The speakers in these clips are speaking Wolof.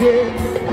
again.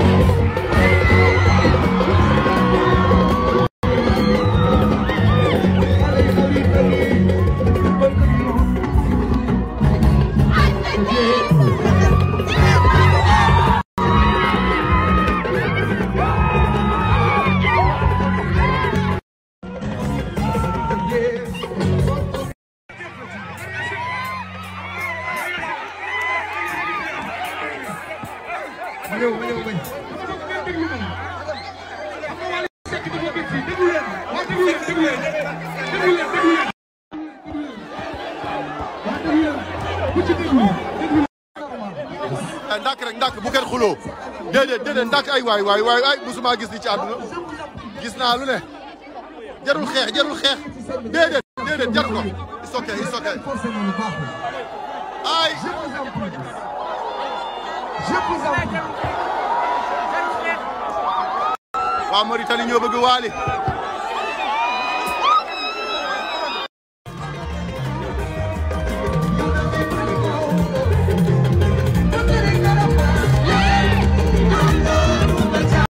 ñëw ñëw bañ déglu ma dafa wàllu sekk dafa bëgg fii déglu leen waa déglu leen déglu leen déglu leen déglu leen waa déglu leen ku ci déglu déglu leen ndàkk rek ndàkk bu kenn xuloo déedéet déedéet ndàkk ay waay waay waay ay musuma gis li ci àdduna gis naa lu ne jarul xeex jarul xeex déedéet déedéet jarul ko it's okay it's okay ay je vous en prie. waa Mauritanie ñoo bëgg Wally